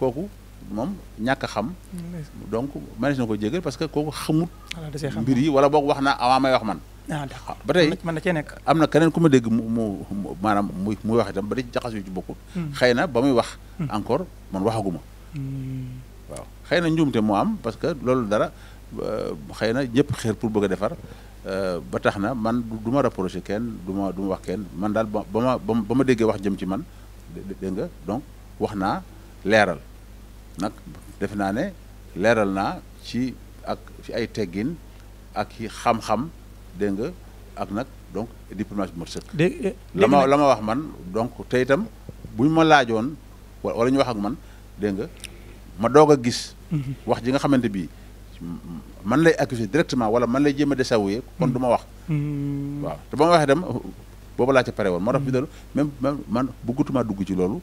kooku moom ñàkk xam. donc mënees na ko jégal parce que kooku xamut. mbir yi wala boog wax na avant may wax man. Ah, ah, ba tey mën na cee nekk. am na keneen ku ma dégg mu mu maanaam muy muy wax itam ba di jaxas yu ci bokkut. Hmm. xëy na ba muy wax. Hmm. encore man waxaguma. Hmm. waaw xëy na njuumte moo am parce que loolu dara euh, xëy na ñëpp xeer pour bëgg a defar euh, ba tax na man du ma rapproché kenn du ma du wax ken man daal ba ma ba ma déggee wax jëm ci man dégg nga donc wax naa leeral. nag defe naa ne leeral naa ci ak ci ay teggin ak i xam-xam dégg nga ak nag donc diplomate bu mat sëkk la ma la ma wax man donc te itam bu ñu ma laajoon wala ñu wax ak man dégg nga ma doog a gis mhm. wax ji nga xamante bi man lay accuser directement wala man lay jéem a désavouer kon mhm. du ma wax mhm. te ba ma waxee dem booba laa ca pare woon moo tax bi doon même man bëggatuma dugg ci loolu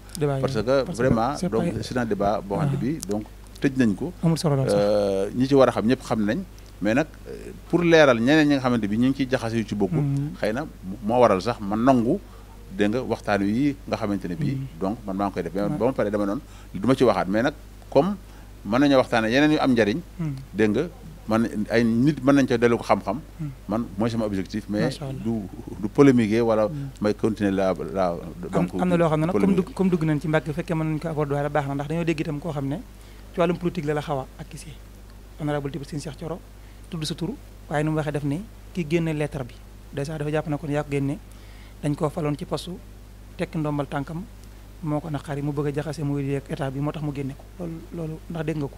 parce que vraiment donc c'est un débat boo xam ne ah. bi donc tëj nañ ko amul solo euh, ñi ci war a xam ñëpp xam nañ mais nag euh, pour leeral ñeneen ñi nga xamante bi ñu ngi ciy jaxase ci bokkul mm-hmm. xëy moo waral sax ma nangu dégg nga waxtaan wi nga xamante ne bii mm-hmm. donc man maa ngi koy def mais ba ma pare dama noonu du ci waxaat mais nag comme mën nañoo waxtaane yeneen yu am njariñ mm-hmm. dégg man ay nit mën nañ ca dellu ko xam-xam hmm. man mooy sama objectif mais du du polémiquer wala hmm. may continuer la la donc na loo xam ne nag comme dugg comme dugg nañ ci mbàkk fekkee mën nañ na ndax dañoo dégg itam koo xam ne ci wàllum politique la la xaw a ak kisi honorable député Serigne Cheikh Thioro tudd sa tur waaye ni mu waxee def nii ki génne lettre bi dèjà dafa jàpp na kon yaa ko génne dañ koo faloon ci postu tekki ndombal tànkam moo kon ko naqari mu bëgg a jaxase muy yeeg état bi moo tax mu génne ko loolu ndax dégg nga ko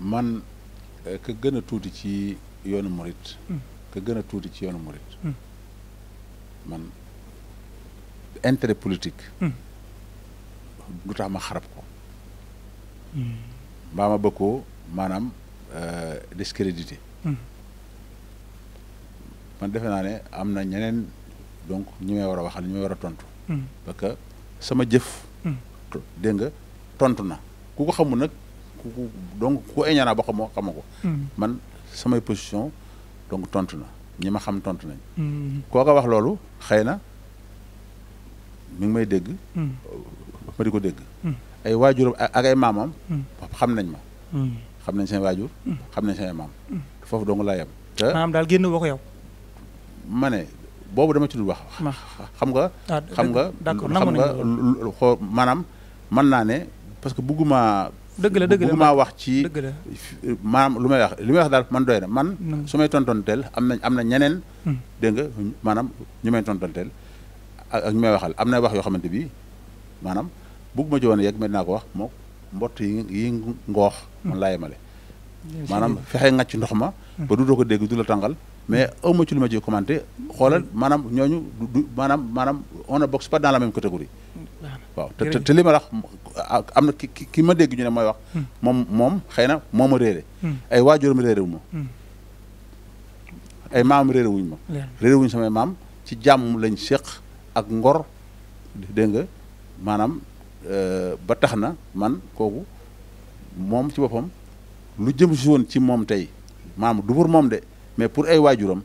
man ka euh, gën a tuuti ci yoonu murit ka hmm. gën a tuuti ci yoonu murit hmm. man intérêt politique hmm. du tax ma xarab ko mbaa ma bëgg maanaam euh, discrédité man defe naa ne am na ñeneen donc ñu may war a waxal ñi may war a tontu parce que sama jëf dégg tontu na ku ko xamul nag ku donc ku eñana ba xamoo xamako hmm. man sama position donc tontu na ñi ma xam tontu nañ hmm. koo ko wax loolu xëy na mi ngi may dégg hmm. euh, ma di ko dégg ay waajur ak ay maamam xam nañ ma xam nañ seen waajur xam nañ seen maam foofu dong laa yem te maam daal génn ko yow ma ne boobu dama ci dul wax xam nga ah, xam nga xam nga xoo maanaam mën naa parce que bugguma dëgg la dëgg la maa wax ci maam lu may wax li may wax daal man doy na man su may tontonteel am na am na ñeneen hmm. dégg nga maanaam ñu may tontonteel ak ñu may waxal am na wax yoo xamante bi maanaam bëgg ma ci woon yegg mais ko wax mook mbott yi yi ngoox hmm. man laa yemale maanaam fexe ngàcc ndox ma hmm. ba du doo ko dégg du la tàngal mais aw ma ci lu ma ciy commenté xoolal maanaam ñooñu du maanaam maanaam on ne boxe pas te te ma wax ah, am na ki ma dégg ne mooy wax. Hmm. moom moom xëy na moo ma réere hmm. ay waajuram réere ma. Hmm. ay maam réere ma. réere samay maam ci jàmm lañ séq ak ngor dégg nga euh, ba tax na man kooku moom ci boppam lu jëm si woon ci moom tey maam du pour moom de. mais pour ay waajuram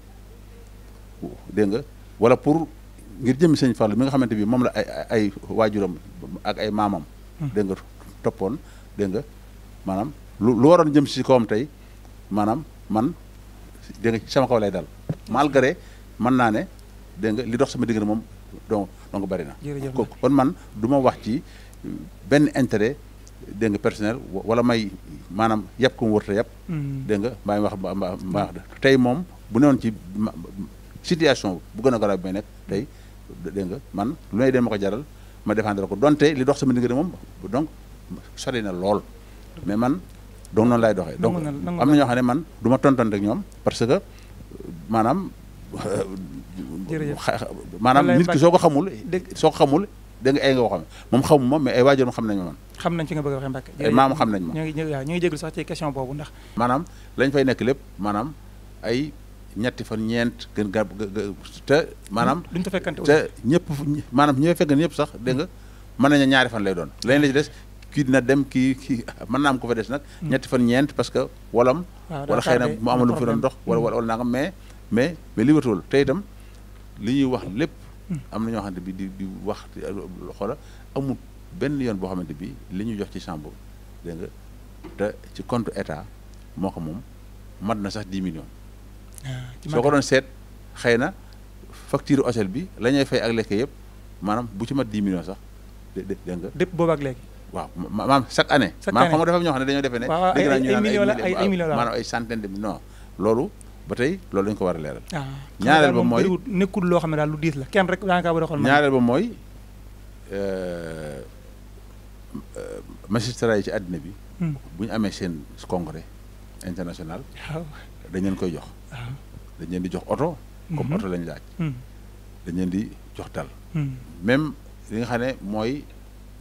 dégg nga wala pour ngir jëm sëñ Fallou mi nga xamante bi moom la ay ay waajuram ak ay maamam. Hmm. dégg nga toppoon dégg nga maanaam lu waroon jëm si kawam tey maanaam man dégg nga sama kaw lay dal malgré mën naa ne dégg nga li dox sama diggante moom donc donc bari na. kon man du ma wax ci benn intérêt. dégg nga personnel wala may maanaam yàpp ko mu wërta yàpp hmm. dégg nga mbaa wax mbaa wax tey moom bu newoon ci situation bu gën a garaaw bi may nekk tey dégg nga man lu ne den ma ko jaral ma défendre ko donte li dox sama diggante moom donc sori na lool mais man donc noonu lay doxee donc am na ñoo xam ne man du ma tonton rek ñoom parce que maanaam maanaam nit ki soo ko xamul soo ko xamul dégg nga ay nga waxoon moom xamu ma mais ay waajuram xam nañ ma man xam nañ fi a waxee Mbacke ay maam xam nañ ma ñu ngi ñu ngi jégalu sax ci lañ fay nekk lépp maanaam ay ñetti fan ñeent gën garab te maanaam duñ ko fekkante te ñëpp maanaam ñi fekkante ñëpp sax dégg nga mën nañu ñaari fan lay doon lañ la ci des kii dina dem kii kii mën naa ko fa des nag hmm. ñetti fan ñeent parce que walam wala xëy na mu amalu fi doon dox wala wala wala nangam mais mais mais libertéwul te itam li ñuy wax lépp am na ñoo xamante bi di di wax xoola amul benn yoon boo xamante bi li ñu jox ci chambre dégg nga te ci compte état moo ko moom mat na sax 10 million ah, soo ko doon seet xëy na facture hôtel bi la ñuy fay ak lekk yëpp maanaam bu ci mat 10 millions sax dégg nga. dépp boobu ak léegi. waaw maanaam chaque année. chaque année maanaam xam ne dañoo defe ne. dégg naa ñu naan ay ay millions la loolu. ba tey loolu dañ ko war a leeral. Ah, ñaareel ba mooy nekkul loo xam ne daal lu la kenn rek a xool. ñaareel ba mooy euh, euh, magistrat yi àddina bi. Hmm. bu ñu amee seen congrès international. dañ leen koy jox. dañ leen di jox oto. Hmm. lañ laaj. Hmm. leen di jox dal. même li nga xam ne mooy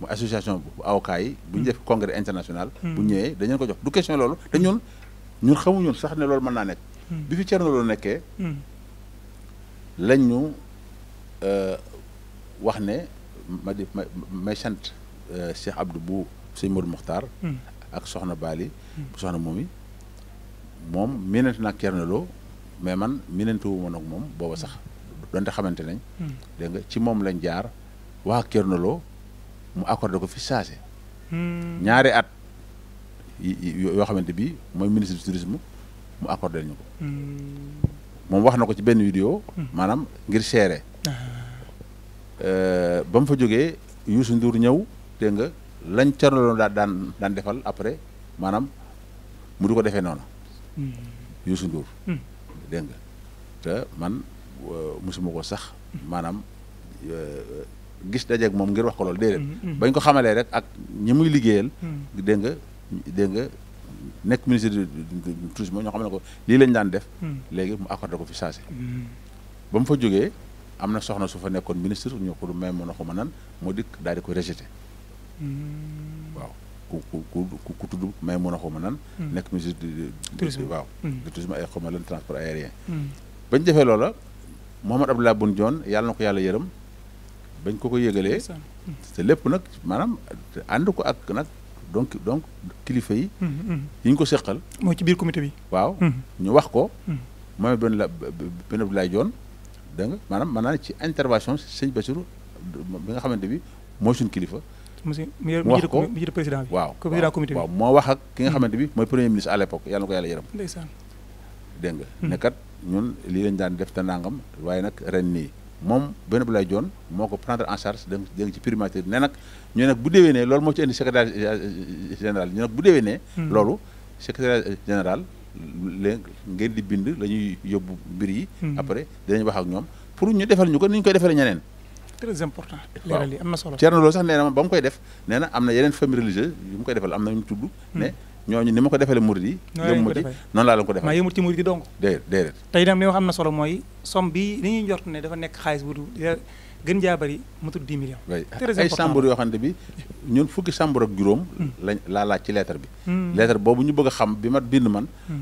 mu association bu avocat bu ñu def congrès international. bu ñëwee dañ leen ko jox du question loolu te ñun ñun xamuñu sax ne loolu mën naa nekk. Hmm. bi fi Thierno Lo nekkee. Hmm. lañ ñu euh, wax ne ma di may sant euh, Cheikh Abdou bu sëñ Modou Mokhtar. Hmm. ak Soxna Bali. Soxna Momi moom miinante na ak Thierno Lo mais man miinante wu ma moom booba sax donte xamante nañ. dégg ci moom lañ jaar wax ak Thierno loo mu accordé ko fi saase. ñaari at yoo xamante bi mooy ministre du tourisme. mu accordé ñu ko mom hmm. wax nako ci ben vidéo manam hmm. ngir seere ah. euh bam fa joggé Youssou Ndour ñew té nga lañ caroloon da dan dan defal après manam mu du ko non hmm Youssou Ndour hmm. dé nga té man musuma ko sax euh, gis ak mom ngir wax ko lol dédé bañ ko xamalé rek ak ñi muy liggéeyal dé nga dé nga nekk ministre du tourisme ñoo xam ne ko lii lañ daan def. Hmm. léegi mu accordé ko fi saasi. Hmm. ba mu fa jógee am na soxna su fa nekkoon ministre ñoo ko du may mën a xuma nan moo dikk daal di ko rejeté. Hmm. waaw ku ku ku ku tudd may mën a xuma nan. nekk ministre du tourisme waaw. du tourisme ay xuma lan transport aérien. bañ defee loola Mouhamed Abdoulaye Boun yàlla na ko yàlla yërëm bañ ko ko yëgalee. te lépp nag maanaam ànd ko ak nag. donc donc kilifa yi. Mm, mm. yi ko seqal. mooy ci biir comité bi. waaw mm. ñu wax ko. mooy benn la benn Abdoulaye Dione dégg nga maanaam maanaam ci intervention sëñ Bassirou bi nga xamante bi mooy suñu kilifa. monsieur mu wax ko mu jiite président bi. waaw président comité bi moo wax ki nga xamante bi mooy premier ministre à l'époque yàlla na ko yàlla yërëm. ndeysaan dégg nga. ne kat ñun lii lañ daan def te nangam waaye nag ren nii. moom benn Abdoulaye Dione moo ko prendre en charge dégg ci primature bi ne nag ñu nag bu déwénee loolu moo ci indi secrétaire général ñu nag hmm. loolu secrétaire général léegi ngeen di bind la ñuy yóbbu mbir yi hmm. après dinañ wax ak ñoom pour ñu defal ñu ko ni ñu koy defalee ñeneen très important leeral yi am na solo Thierno loolu sax nee na ba mu koy def nee na am na yeneen famille religieuse yu mu koy defal am na ñu tudd ne hmm. ñooñu ni ma ko defale murid yi yëmu ci noonu laa leen ko defal maa yëmut ci murid yi donc déedéet déedéet tey nag li wax na solo mooy somme bi li ñuy njort ne dafa nekk xaalis bu gën jaa bari mu tudd 10 millions ay chambre yoo xam ne bi ñun fukki chambre ak juróom hmm. lañ laa laaj ci lettre bi hmm. lettre boobu ñu bëgg a xam ma bind man hmm.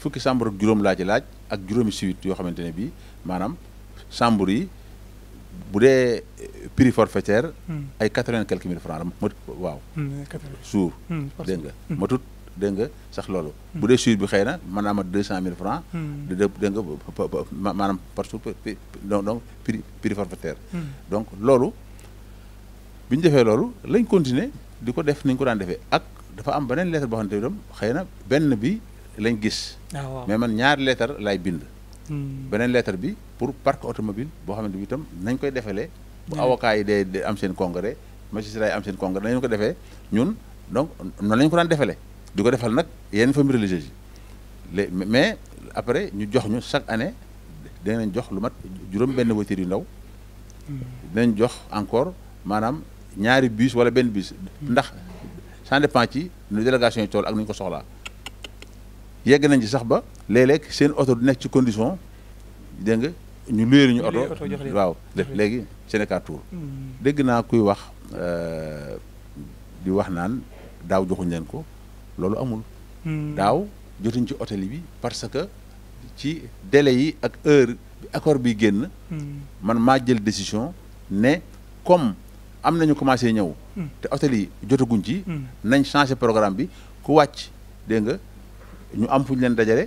fukki chambre ak laa ci laaj ak juróomi suite yoo xamante ne bi maanaam chambre yi bu dee eh, prix forfaitaire ay quatre-vingt quelques mille francs la ma dégg nga sax loolu. bu dee suite bi xëy na mën naa cent mille francs. Hmm. de de dégg nga maanaam par jour donc donc prix prix forfaitaire. Hmm. loolu bi ñu defee loolu lañ continuer di ko def ni ko daan defee ak dafa am beneen lettre boo xamante ne tam xëy na benn bi lañ gis. Ah, mais man ñaari lettre laay bind. Hmm. beneen lettre bi pour parc automobile boo xamante bi nañ koy defalee. bu avocat yi dee am seen congrès magistrat yi am seen congrès nañu ko defee ñun donc noonu lañ ko daan defalee. du ko defal nag yenn famille religieuse yi mais après ñu jox ñu chaque année dinañ jox lu mat juróom benn voiture yu ndaw dinañ jox encore maanaam ñaari bus wala benn bus ndax ça dépend ci nu délégation yi tool ak nu ñu ko soxlaa yegg nañ ci sax ba léeg-léeg seen oto du nekk ci condition dégg nga ñu luyeeru ñu oto waaw léegi Sénégal Tour hmm. dégg naa kuy wax euh, di wax naan daaw joxuñ leen ko loolu amul hmm. daaw jotuñ ci hôtel bi parce que ci délai yi ak heure accord bi génn hmm. man maa jël décision ne comme am nañu commencé ñëw hmm. te hôtel yi jotaguñ ci nañ changé programme bi ku wàcc dégg nga ñu am fu ñu leen dajale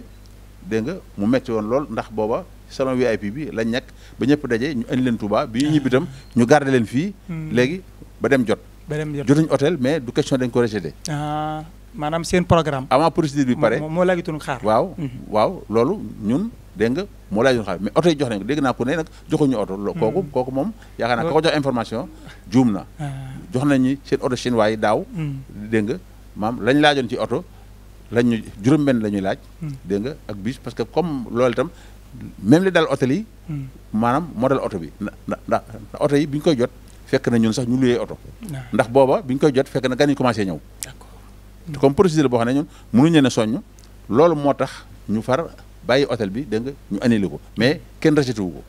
dégg nga mu metti woon lool ndax booba salon VIP bi lañ nekk ba ñëpp daje ñu indi leen Touba bi ñu ñibbi itam ñu garder leen fii léegi ba dem jot jotuñ hôtel mais du question dañ ko rejeté ah. maanaam seen programme. avant procédure bi pare moo moo laajutoon xaar. waaw mhm. waaw loolu ñun dégg nga moo laajutoon xaar mais oto yi jox nañ dégg na ku ne nag joxuñu oto. Mhm. kooku kooku moom yaakaar naa ko jox information na. Ah. jox nañu seen oto chinois yi daaw. Mhm. dégg nga maam lañ laajoon ci oto lañ ñu juróom-benn la ñuy laaj. dégg nga ak bus parce que comme loolu itam même li dal hôtel yi. maanaam moo oto bi na ndax oto yi bi ñu koy jot fekk na ñun sax ñu luyee oto. Ah. ndax booba bi ñu koy jot fekk na gan yi commencé ñëw. comme procédure boo xam ne ñun mënuñu leen a soññ loolu moo tax ñu far bàyyi hôtel bi dégg nga ñu annulé ko mais kenn racheté wu ko.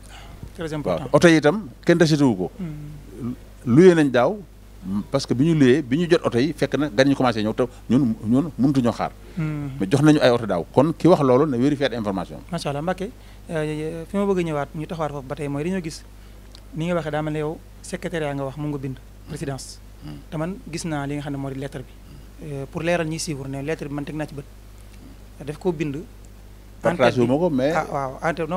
très oto yi itam kenn racheté wu ko. Hmm. luyee nañ daaw parce que bi ñu luyee bi ñu jot oto yi fekk na gan ñu commencé ñëw te ñun ñun mënutu ñoo xaar. Hmm. mais jox nañu ay oto daaw kon ki wax loolu na vérifier information. macha allah Mbacke euh, fi ma bëgg ñëwaat ñu taxawaat foofu ba tey mooy dañoo gis ni nga waxee daa mel ne yow secrétaire yaa nga wax m nga bind présidence. Hmm. te man gis naa li nga xam ne moo lettre bi. Euh, pour leeral ñi suivre ne lettre bi man teg naa ci bët daf koo bind. partage wu ko mais ah, waaw entête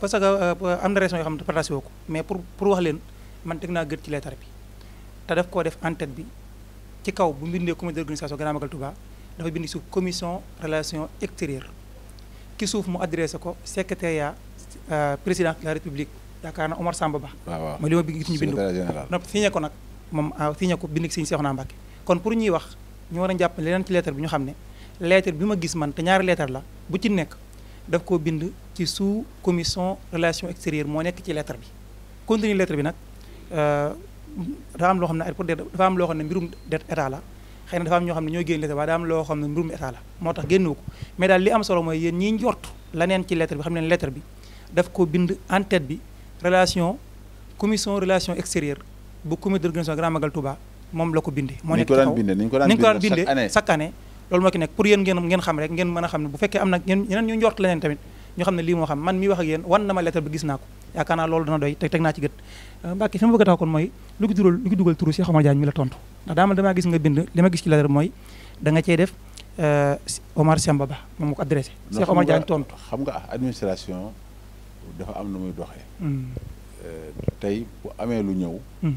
parce que euh, am na xam ne partage ko mais pour pour wax leen man teg naa gët ci lettre bi te def koo def entête bi ci kaw bu mbindee comité d'organisation Grand Magal Touba dafa bind suuf commission relation extérieure ki suuf mu adressé ko secrétariat euh, président de la république yaakaar na Omar Samba Ba. waaw waaw mooy li ma gis ñu bind ko. secrétaire général ko nag moom ah, signé ko bind si Seexuna Mbàkke kon pour ñuy wax. ñu war a jàpp leneen ci lettre bi ñu xam ne lettre bi ma gis man te ñaari lettre la bu ci nekk daf koo bind ci sous commission relation extérieure moo nekk ci lettre bi contenu lettre bi nag euh, dafa am loo xam ne pour dafa am loo xam ne mbirum état la xëy na dafa am ñoo xam ne ñoo génn lettre waaye daa am loo xam ne mbirum état la moo tax génnewu ko mais daal li am solo mooy yéen ñi njort laneen ci lettre bi xam ne lettre bi daf ko bind en tête bi relation commission relation extérieure bu comité d'organisation Grand Magal Touba mom la ko bindee. moo nekk ci ni ko daan bindé chaque année lolou mo ki nek pour yeen ngeen ngeen xam rek ngeen meuna xam bu fekke am na ñeneen ñu ñort leneen tamit ñu xamne li mo xam man mi wax ak yeen wan na ma lettre bi gis naa ko yaakaar naa dana doy tek tek na ci gët euh, Mbacke fi bëgg taw kon moy lu ko dugal lu ko duggal turu Cheikh Omar jaagne mi la tontu da dama dama gis nga bind li ma gis ci lettre moy da nga cey def euh Omar Samba Ba moom ko adressé Cheikh Omar jaagne tontu xam nga administration dafa am na muy doxé hmm. euh tay bu amé lu ñëw hmm.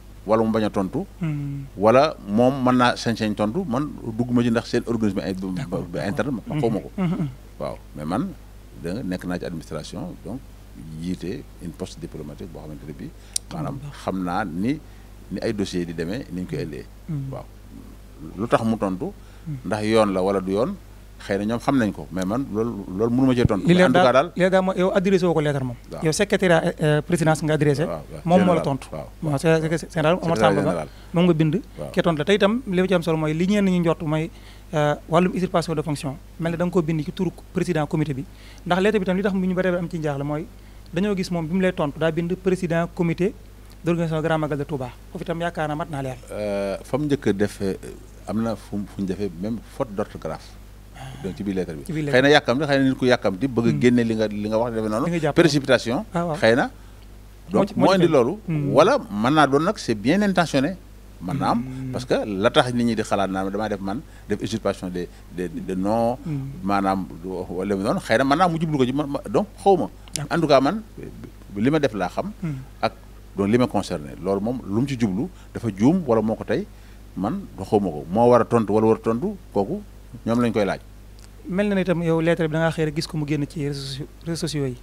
wala mu bañ a tontu. Hmm. wala moom mën naa sañ-sañ tontu man ma ci ndax seen organisme ay. interne ma xawma ko. Hmm, hmm, waaw mais man da nekk naa ci administration donc jiite une poste diplomatique boo xamante ne bii maanaam xam naa ni ni ay dossiers di demee niñ ñu koy ëllee. waaw lu tax mu tontu. ndax yoon la wala du yoon. xay na ñoom xam nañ ko mais man loolu loolu mënu ma cee tontu. li leen daal li leen daal yow adressé woo ko lettre moom. yow secrétaire euh, euh, présidence nga adressé. moom nga bind. ke tontu la te li ma ci am solo mooy li ñeen ñu njort mooy euh, wàllum usurpation de fonction mel na da nga koo bind ci turu président comité bi ndax lettre tam li tax mu ñu bëree am ci njaaxle mooy dañoo gis moom bi mu lay tontu daa bind président comité d' organisation grand magal de Touba foofu itam yaakaar na mat naa leer. fa mu njëkk a am na fu mu ñu defee même faute d' orthographe donc ci bi lettre bi xeyna yakam yàkkamti xëy na nit ku yàkkamti bëgg a hmm. li nga li nga wax defe noonu précipitation ah, xeyna donc moo indi lolu hmm. wala man na don nak c'est bien intentionné mën naa am hmm. parce que la tax nit ñi di xalaat naa dama def man def usurpation de de de non manam wala noonu xëy na mën naa mu jublu ko ci donc xawma en tout cas man li ma def la xam ak donc li ma concerné loolu mom lu mu ci jublu dafa joom wala moko tay man xaw ma ko moo tontu wala wara a tontu kooku ñoom lañ koy laaj mel na ni itam yow lettre bi da ngaa xëy gis ko mu génn ci réseaux sociaux yi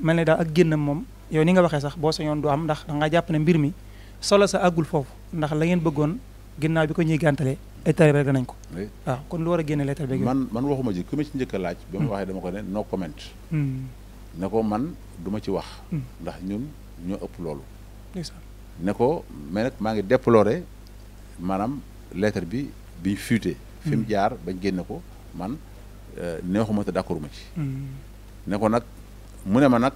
mel na daal ak génnam moom yow ni nga waxee sax boo sañoon du am ndax danga ngaa jàpp ne mbir mi solo sax agul foofu ndax la ngeen bëggoon ginnaaw bi ko ñuy gàntalee ay tarib nañ ko waaw kon lu war a génne lettre bi man man waxuma ma ci njëkk a laaj ba ma hmm. waxee dama ko ne no hmm. ko man duma ci wax hmm. ndax ñun ñoo ëpp loolu ne ko mais maa ngi déploré maanaam lettre bi biñ fuité fi jaar bañ génne ko man Euh, neexuma te d'accord ma ci. Hmm. ne ko nag mu ne ma nag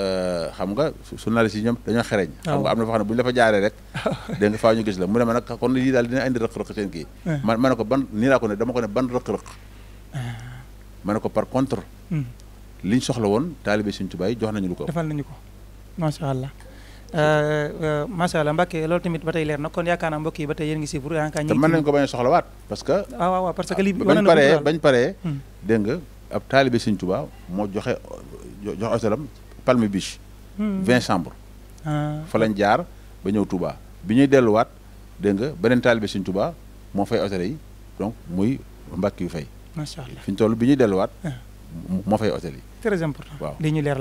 euh, xam nga su journaliste si ñoom dañoo xereñ. Ah xam nga am na foo xam ne bu ñu la fa jaaree rek. dégg nga faa ñu gis la mu ne ma nag kon lii daal dina indi rëq-rëq eh. ma ma ne ko ban nii laa ko ne dama ko ne ban rëq-rëq. Ah. ma ne ko par contre. Hmm. liñ soxla woon taalibe Sëriñ Tuubaa jox nañu lu ko. defal nañu ko macha macha allah Mbacke tamit ba leer na kon yaakaar yi ba tey ngi si pour en cas. te mën ko bañ a soxlawaat parce que. ah waaw waaw parce que lii bañ paree bañ paree. dégg nga ab taalibe Sëñ Tuubaa moo joxe joxe otelam Palme 20 chambres. fa lañ jaar ba ñëw Touba bi ñuy delluwaat dégg nga beneen taalibe Sëñ Tuubaa moo fay otel yi donc muy Mbacke yu fay. macha allah fi bi ñuy delluwaat. Ah. moo fay très important. li ñu leer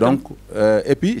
donc euh, et puis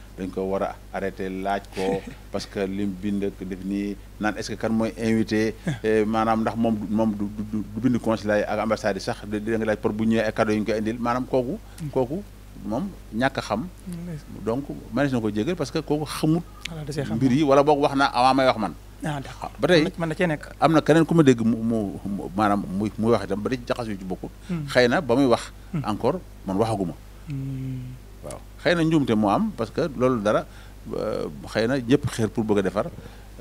dañ ko war a arrêté parce que lim bind ak def est-ce que kan invité eh, maanaam ndax moom moom du bind ak ambassade sax di nga pour bu ñëwee cadeau yi xam donc mané na ko parce que kooku xamut yi wala may wax man ah, ba ku ma dégg muy wax itam ba ci wax xëy na njuumte moo am parce que loolu dara euh, xëy na ñëpp xeer pour bëgg a defar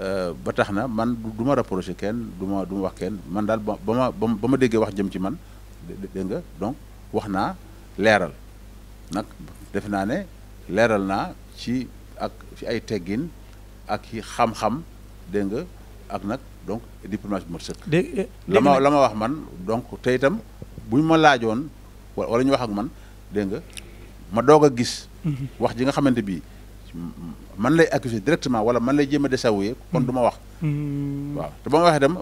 euh, ba tax na man du ma kenn du ma wax kenn man daal ba ma ba ma déggee wax jëm ci man dégg nga donc wax naa leeral nag defe naa ne leeral naa ci ak ci ay teggin ak ci xam-xam dégg nga ak nag donc diplomate bu ma sëkk eh, la ma la ma wax man donc te itam buñ ma laajoon wala ñu wax ak man dégg nga ma doog a gis Mm-hmm. wax ji nga xamante bi man lay accuser directement wala man lay jéem a desavouer kon du ma wax mm-hmm. waaw te ba ma waxee dem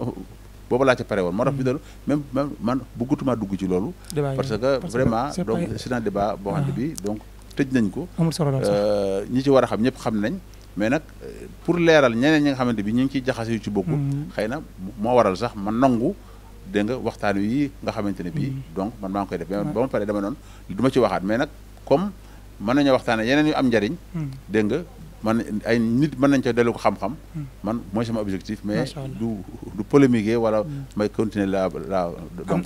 booba laa ca pare woon moo bi dalu même même man bëggatuma dugg ci loolu parce que vraiment donc c'est un débat boo xamante ah. bi donc tëj nañ ko euh, ñi ci war a xam ñëpp xam nañ mais nag euh, pour leeral ñeneen ñi nga xamante bi ñu ngi ciy jaxase yu ci bokkul mm-hmm. xëy na moo waral sax ma nangu dégg waxtaan wi nga xamante ne bii donc man maa ngi koy def ba ma pare dama noon du ma ci waxaat mais nag comme mën nañoo waxtaane yeneen yu am njariñ hmm. dégg nga man ay nit mën nañ ca dellu ko xam-xam hmm. man mooy sama objectif mais du du polémiquer wala hmm. may continuer la la donc